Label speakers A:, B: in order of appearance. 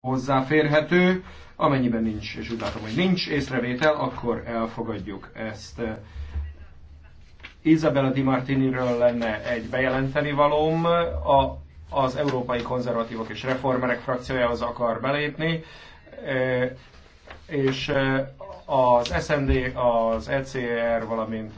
A: hozzáférhető. Amennyiben nincs, és úgy látom, hogy nincs észrevétel, akkor elfogadjuk ezt. Isabella Di Martiniről lenne egy bejelenteni valóm. A, az Európai Konzervatívok és Reformerek frakciójához akar belépni, e, és e, az SMD,
B: az ECR, valamint